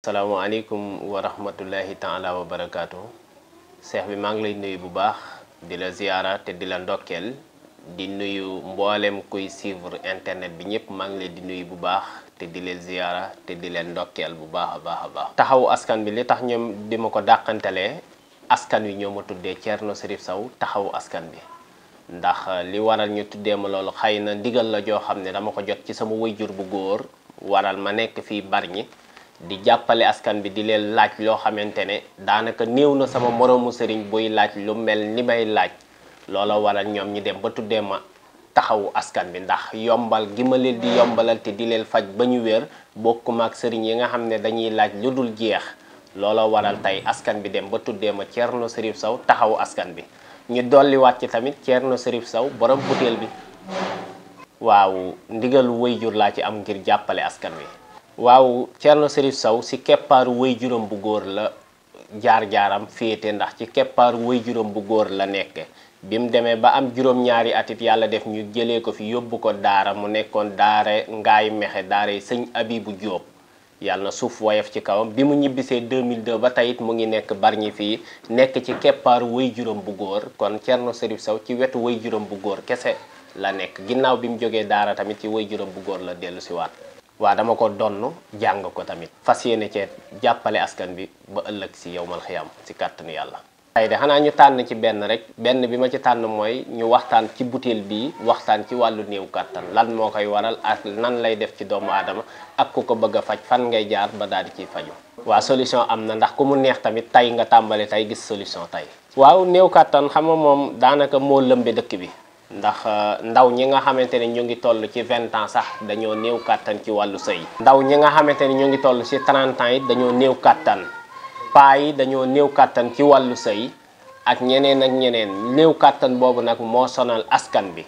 Salamu warahmatullahi wa taala wa barakatuh seex bi maa bu baax di la ziyara te di la ndokkeel di nuyu mboolem kuy suivre internet bi ñëpp maa lay di nuyu bu baax te di la ziyara te di la ndokkeel bu baax a baax a askan bi li tax ñoom di ko dàqantelee askan wi ñoo ma tuddee Thierno Sow askan bi ndax li waral ñu tuddee ma loolu xëy digal la jo xam dama jot ci sama wayjur bu góor waral ma nekk di jappale askan bi di leen laaj loo xamantene ne daanaka néew sama moro sëriñ buy laaj lu mel ni may laaj loola waral ñoom ñi dem ba tuddee ma taxawu askan bi ndax yombal gi ma leen di yombalal te di leen faj ba ñu wér bokkuma ak sëriñ yi nga xam ne dañuy laaj lu dul jeex loola waral tey askan bi dem ba tuddee ma Thierno Cherif saw taxawu askan bi ñu liwat ci tamit Thierno Cherif saw borom butéel bi waaw ndigal wayjur laa ci am ngir jàppale askan wi waaw Thierno Serif Sow si keppaaru way juróom bu góor la jaar-jaaram féete ndax ci keppaar way juróom bu góor la nekk bi mu demee ba am juróom-ñaari atit yàlla def ñu jëlee ko fi yóbbu ko daara mu nekkoon daare ngaay mexe yi sëñ Abibu Jóob yàlla na suuf woyof ci kawam bi mu ñibbisee 2002 ba tey mu ngi nekk barñi fii nekk ci keppaar way juróom bu góor kon Thierno Serif Sow ci wetu way juróom bu góor kese la nekk ginnaaw bi mu jógee daara tamit ci way juróom bu góor la dellu siwaat waa dama ko donn jàng ko tamit fas yéene cee jàppale askan bi ba ëllëg si yowmal xiyam si kàttanu yàlla ay de xanaa ñu tànn ci benn rek benn bi ma ci tànn mooy ñu waxtaan ci butéel bii waxtaan ci wàllu néew kàttan lan moo koy waral ak nan lay def ci doomu aadama ak ku ko bëgg a faj fan ngay jaar ba daal di ciy faju waa solution am na ndax ku mu neex tamit tey nga tàmbali tey gis solution tey waaw néew kàttan xam nga moom daanaka moo lëmbe dëkk bi ndax euh, ndaw ñi nga xamante ni ñu ngi toll ci vingt ans sax dañoo néew kàttan ci wàllu sëy ndaw ñi nga xamante ni ñu ngi toll ci trente yi dañoo néew kàttan paa yi dañoo néew kàttan ci wàllu sëy ak ñeneen ak ñeneen néew kàttan boobu nag moo sonal askan bi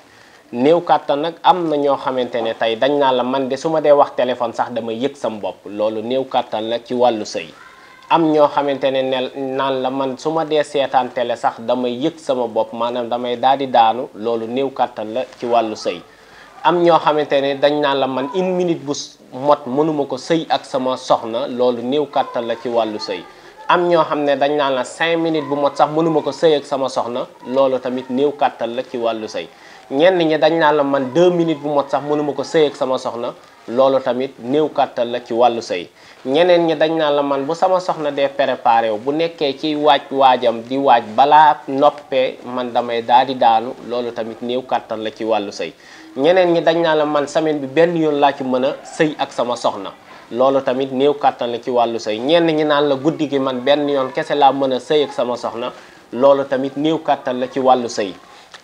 néew kàttan nag am na ñoo xamante ni tey dañ naa la man de su ma dee wax téléphone sax damay yëg sam bopp loolu néew kàttan la ci wàllu sëy am ñoo xamante ne ne naan la man su ma dee seetaan télé sax damay yëg sama bopp maanaam damay daal di daanu loolu néew kàttan la ci wàllu sëy am ñoo xamante ne dañ naan la man une minute bu mot mënuma ko sëy ak sama soxna loolu néew kàttan la ci wàllu sëy am ñoo xam ne dañ naan la cinq minutes bu mot sax mënuma ko sëy ak sama soxna loolu tamit néew kàttan la ci wàllu sëy ñenn ñi dañ naan la man deux minutes bu mot sax mënuma ko sëy ak sama soxna loolu tamit néew kàttan la ci wàllu sëy ñeneen ñi dañ naan la man bu sama soxna dee préparé bu nekkee ci waaj waajam di waaj balaa noppee man damay daal di daanu loolu tamit néew kàttan la ci wàllu sëy ñeneen ñi dañ naan la man semaine bi benn yoon laa ci mën a sëy ak sama soxna loolu tamit néew kàttan la ci wàllu sëy ñenn ñi naan la guddi gi man benn yoon kese laa mën a sëy ak sama soxna loolu tamit néew kàttan la ci wàllu sëy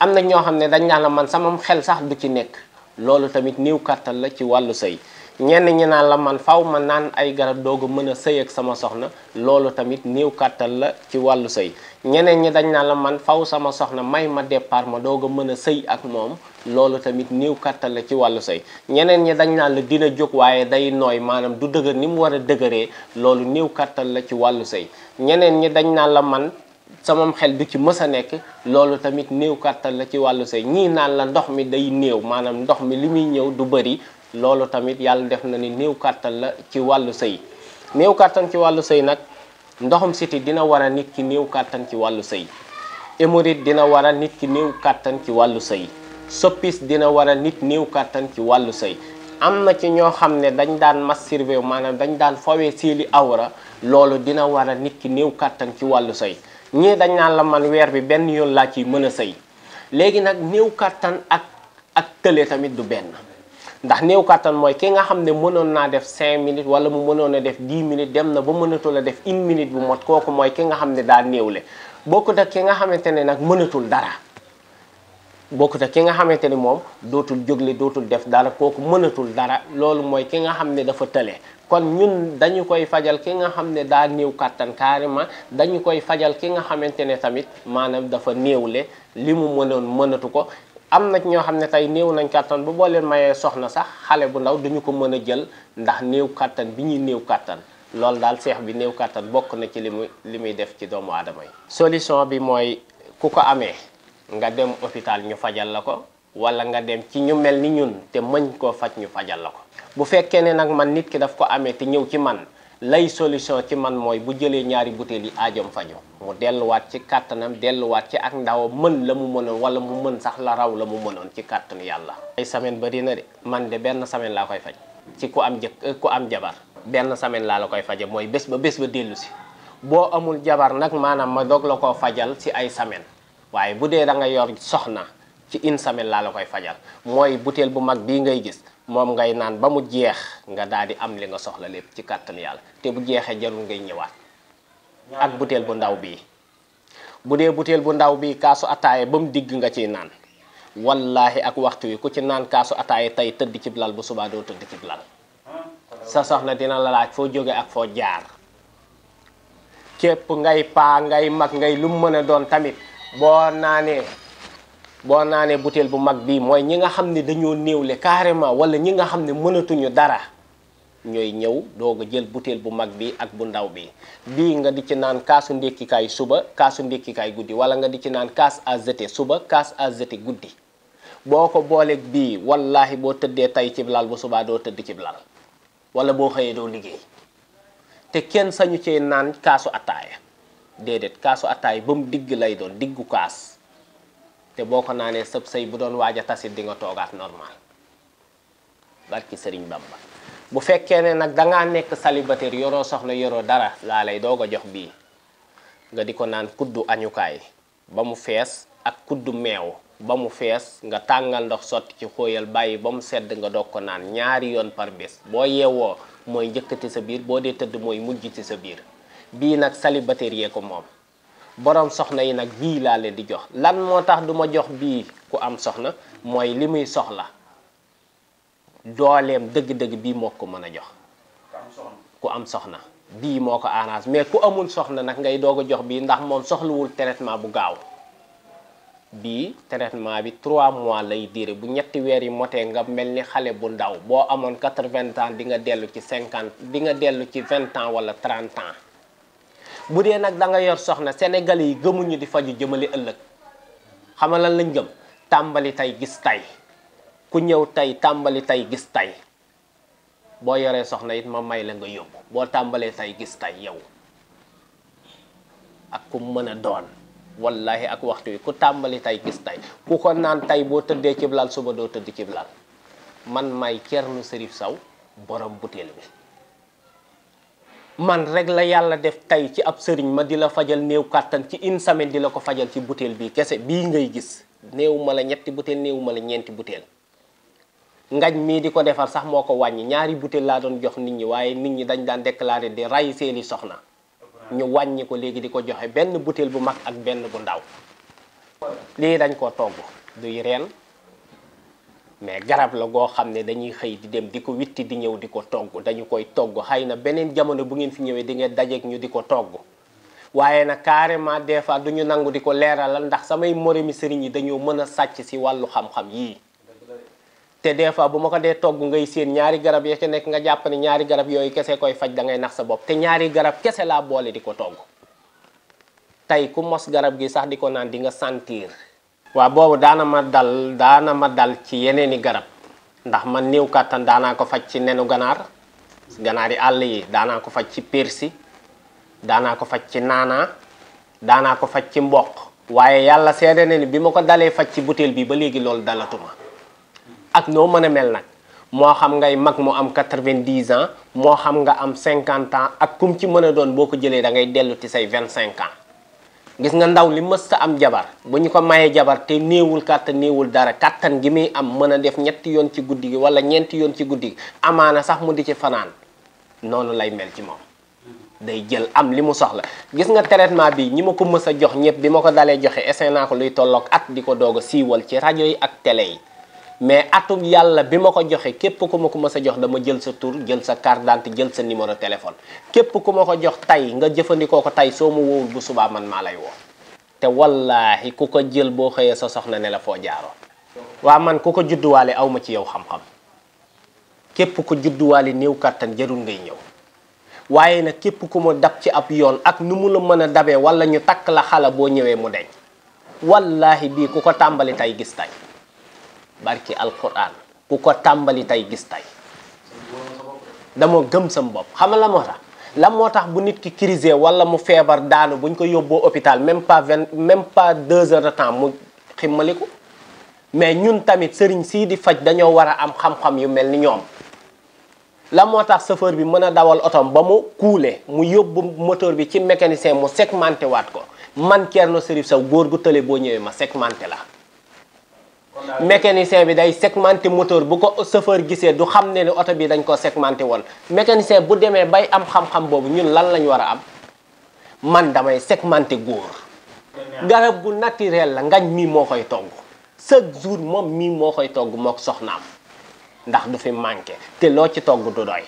am na ñoo xam ne dañ naan la man sama xel sax du ci nekk loolu tamit néew kàttan la ci wàllu sëy ñenn ñi naan la man faw ma naan ay garab doog a mën a sëy ak sama soxna loolu tamit néew kàttan la ci wàllu sëy ñeneen ñi dañ naan la man faw sama soxna may ma départ ma doog a mën a sëy ak moom loolu tamit néew kàttan la ci wàllu sëy ñeneen ñi dañ naan la dina jóg waaye day nooy maanaam du dëgër ni mu war a dëgëree loolu néew kàttan la ci wàllu sëy ñeneen ñi dañ naan la man samam xel du ci mës a nekk loolu tamit néew kàttan la ci wàllu sëy ñii naan ndox mi day néew maanaam ndox mi li muy ñëw du bëri loolu tamit yàlla def na ni néew kàttan la ci wàllu sëy néew kàttan ci wàllu sëy nag ndoxum siti dina war a nit ki néew kàttan ci wàllu sëy hémorroïde dina war a nit ki néew kàttan ci wàllu sëy soppis dina war a nit néew kàttan ci wàllu sëy am na ci ñoo xam ne dañ daan mas masturber maanaam dañ daan fawee seeli awra loolu dina war a nit ki néew kàttan ci wàllu sëy ñii dañ naan la man weer bi benn yoon laa ciy mën a sëy léegi nag néew kattan ak ak tële tamit du benn ndax néew kattan mooy ki nga xam ne mënoon naa def 5 minutes wala mu mënoon a def 10 minutes dem na ba mënatul a def une minute bu mot kooku mooy ki nga xam ne daa néewle bokkut ak ki nga xamante ne nag mënatul dara. bokkut ak ki nga xamante ni moom dootul jóg jógle dootul def dara kooku mënatul dara loolu mooy ki nga xam ne dafa tële kon ñun dañu koy fajal ki nga xam ne daa néew kàttan carrément dañu koy fajal ki nga xamante ne tamit maanaam dafa néew le li mu mënoon mënatu ko am nag ñoo xam ne tey néew nañ kattan bu boo leen mayee soxna sax xale bu ndaw duñu ko mën a jël ndax néew kattan bi ñuy néew kattan loolu daal seex bi néew kattan bokk na ci li muy li muy def ci doomu aadama yi. solution bi mooy ku ko amee. nga dem hôpital ñu fajal lako wala nga dem ci ñu mel ni ñun te mañ ko faj ñu fajal lako bu fekkee ne nak man nit ki daf ko amé te ñew ci man lay solution ci man moy bu jëlé ñaari bouteille yi aajam faju mu wat ci kàttanam wat ci ak ndaw mën la mu mëna wala mu mën sax la raw la mu mënon ci kàttanu yalla ay semaine bari na dé man de ben semaine la koy faj ci ku am jëk ku am jabar ben semaine la la koy faje moy bés ba ba ci bo amul jabar nak manam ma dog la ko fajal ci ay semaine waye budé da nga yor soxna ci une la la koy fajal moy butéel bu mag bi ngay gis mom ngay nan ba mu jeex nga daldi am li nga soxla lepp ci kàttan yalla té bu jeexé jarul ngay ñëwaat ak butéel bu ndaw bi budé dee bu ndaw bi kaasu ataaye bam digg nga ci nan wallahi ak waxtu yi ku ci nan kaasu ataaye tay teud ci blal bu suba do teud ci blal sa soxna dina la laaj fo joggé ak fo jaar képp ngay pa ngay mag ngay lu mëna doon tamit boo naanee boo naanee butéel bu mag bi mooy ñi nga xam ne dañoo néewle carrément wala ñi nga xam ne mënatuñu dara ñooy ñëw doog a jël butéel bu mag bi ak bu ndaw bi bii nga di ci naan kaasu ndékkikaay suba kaasu ndékkikaay guddi wala nga di ci naan kaas à suba kaas à guddi boo ko booleeg bii wallaahi boo tëddee tey ci lal bu subaa doo tëdd ci lal wala boo xëyee doo liggéey te kenn sañu cee naan kaasu attaaya dedet kasu atay bam mu digg lay don diggu kas te boko nané naanee sey bu don waja tassi di normal barki sering Bamba bu fekke ne da nga nek célibataire yoro soxla yoro dara la lay dogo jox bi nga diko nan kuddu añukaay ba mu fees ak kuddu mew ba fess nga tangal ndox sotti ci xoyal bàyyi ba sedd nga doko nan ñaari yon par bes bo yewoo moy njëkkati sa biir bo de moy mujj sa biir bii nag célibataire yee ko moom borom soxna yi nag bii laa leen di jox lan moo tax du ma jox bii ku am soxna mooy li muy soxla dooleem dëgg-dëgg bii moo ko mën a jox ku am soxna bii moo ko arrange mais ku amul soxna nag ngay doog jox bii ndax moom soxlawul traitement bu gaaw bii traitement bi 3 mois lay diire bu ñetti weer yi motee nga mel ni xale bu ndaw boo amoon vingt ans di nga dellu ci cinquante di nga dellu ci 20 ans wala 30 ans bu dee nag danga yor soxna senegal yi gëmuñu di faju jëmale ëllëg xamal la lañ gëm tàmbali tey gis tey ku ñëw tey tàmbali tey gis tey boo yoree soxna it ma may la nga yóbbu boo tàmbalee tey gis tey yow ak ku mën a doon wallahi ak waxtu yi ku tàmbali tey gis tey ku ko naan tey boo tëddee cib laal suba doo tëdd cib laal man may Cerno Sërif Saw borom butéel bi man rek la yàlla def tey ci ab sëriñ ma di la fajal néew kàttan ci une semaine di la ko fajal ci butéel bii kese bii ngay gis néew ma la ñetti butéel néew ma la ñeenti butéel ngañ mii di ko defar sax moo ko wàññi ñaari butéel laa doon jox nit ñi waaye nit ñi dañ daan déclaré di ray seeni soxna ñu wàññi ko léegi di ko joxe benn butéel bu mag ak benn bu ndaw lii dañ ko togg duy reen mais garab la goo xam ne dañuy xëy di dem di ko witti di ñëw di ko togg dañu koy togg xay na beneen jamono bu ngeen fi ñëwee di ngeen dajeek ñu di ko togg waaye nag carrément des fois du ñu nangu di ko leeralal ndax samay moromi sëriñ yi dañoo mën a sàcc si wàllu xam-xam yii te des fois bu ma ko dee togg ngay séen ñaari garab ya ca nekk nga jàpp ñaari garab yooyu kese koy faj da ngay nax sa bopp te ñaari garab kese laa boole di ko togg tey ku mos garab gi sax di ko naan di nga sentir waaw boobu daana ma dal daana ma dal ci yeneeni garab ndax man néew kàttan daanaa ko faj ci nenu ganaar ganaar yi àll yi daanaa ko faj ci persi daanaa ko faj ci naanaa daanaa ko faj ci mboq waaye yàlla seede ne ni bi ma ko dalee faj ci butéel bi ba léegi loolu dalatuma ak noo mën a mel nag moo xam ngay mag mu am quatre-vingt-dix ans moo xam nga am cinquante ans ak kum ci mën a doon boo ko jëlee da ngay dellu ci say vingt-cinq gis nga ndaw li mës sa am jabar bu ñu ko mayee jabar te néewul kàttan néewul dara kàttan gi muy am mën a def ñetti yoon ci guddi gi wala ñeenti yoon ci guddi gi amaana sax mu di ci fanaan noonu lay mel ci moom day jël am li mu soxla gis nga traitement bi ñi ma ko mës a jox ñëpp bi ma ko dalee joxe essayé ko luy tollook at di ko doog a siiwal ci rajo yi ak télé yi mais atum yàlla bi ma ko joxee képp ku ma ku ma a jox dama jël sa tur jël sa carte d'identité jël sa numéro téléphone képp ku ma ko jox tey nga jëfandikoo ko tey soo ma woowul bu subaa man maa lay woo te wallaahi ku ko jël boo xëyee sa soxna ne la foo jaaroo man ku ko judduwaale aw ma ci yow xam képp ku judduwaale néew kattan jarul ngay ñëw waaye nag képp ku ma dab ci ab yoon ak nu mu la mën a dabee wala ñu takk la xala boo ñëwee mu deñ wallaahi bii ku ko tàmbali tey gis tey barki alquran ku ko tàmbali tey gis tey dama gëm sëm bopp xam la moo tax lan moo tax bu nit ki crisé wala mu feebar daanu buñ ko yóbboo hôpital même pas vingt même pas deux heures de temps mu ximmaliku mais ñun tamit sëriñ sii di faj dañoo war a am xam-xam yu mel ni ñoom la moo tax chauffeur bi mën a dawal otom ba mu kuule mu yóbbu moteur bi ci mécanicien mu segmenté waat ko man Thierno Chérif Sow góor gu tële boo ñëwee ma segmenté la mécanicien bi day segmenté moteur bu ko chauffeur gisee du xam ne ni oto bii dañ ko segmenté woon mécanicien bu demee bay am xam-xam boobu ñun lan lañ war a am man damay segmenté góor garab bu naturel la ngañ mii moo koy togg chaque jour moom mii moo koy togg mook soxnaam ndax du fi manqué te loo ci togg du doy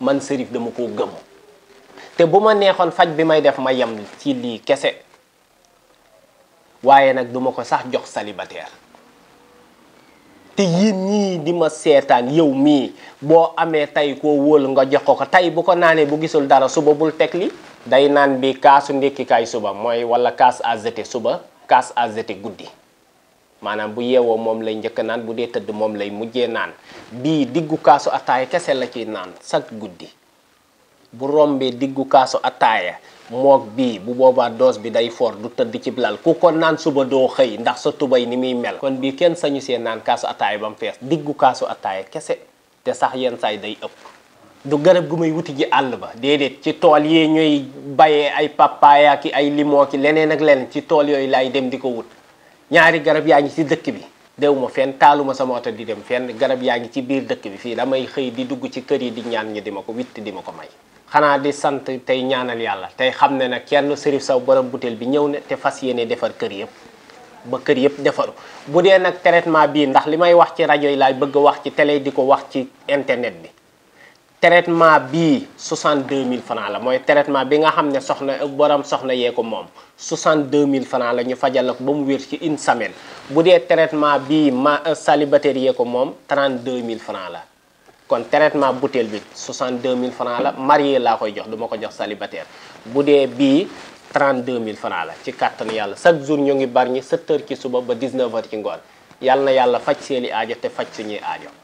man sërif dama koo gëm te bu ma neexoon faj bi may def ma yem ci lii kese waaye nag duma ko sax jox célibataire te yéen ñii di ma seetaan yow mii boo amee tey koo wóolu nga jox ko ko tey bu ko naanee bu gisul dara suba bul teg li day naan bi kaasu ndékkikaay suba mooy walla kaas azete suba kaas azete guddi maanaam bu yeewoo moom lay njëkk naan bu dee tëdd moom lay mujjee naan bii diggu kaasu ataay kese la ciy naan chaque guddi bu rombee diggu kaasu attaaya moog bii bu boobaa doos bi day foor du tëdd ci blal ku ko naan suba doo xëy ndax sa tubay ni muy mel kon bii kenn sañu see naan kaasu attaaya ba fees diggu kaasu attaaya kese te sax yenn saay day ëpp du garab gu muy wuti ji àll ba déedéet ci tool yi ñuy bayee ay papaaya ki ay limo ki leneen ak leneen ci tool yooyu laay dem di ko wut ñaari garab yaa ngi ci dëkk bi dew ma fenn taaluma sama oto di dem fenn garab yaa ngi ci biir dëkk bi fii damay xëy di dugg ci kër yi di ñaan di ma ko witt di ma ko may xanaa di sant tey ñaanal yàlla tey xam ne nag Thierno Chérif Sow borom butéel bi ñëw na te fas yéene defar kër yëpp ba kër yëpp defaru bu dee nag traitement bii ndax li may wax ci rajo yi laay bëgg a wax ci tele di ko wax ci internet bi traitement bii mille francs la mooy traitement bi nga xam ne soxna borom soxna yee ko moom deux 62000 francs la ñu fajal la ko ba mu wér ci une semaine bu dee traitement bii ma salibater yee ko moom 32000 francs la kon traitement butéel bi mille francs la marié laa koy jox duma ko jox célibataire bu dee bii mille francs la ci kàttanu yàlla chaque jour ñu ngi bari ñi 7 heures ci suba ba 19 heures ci ngoon yàlla na yàlla faj seeni aajo te faj suñuy aajo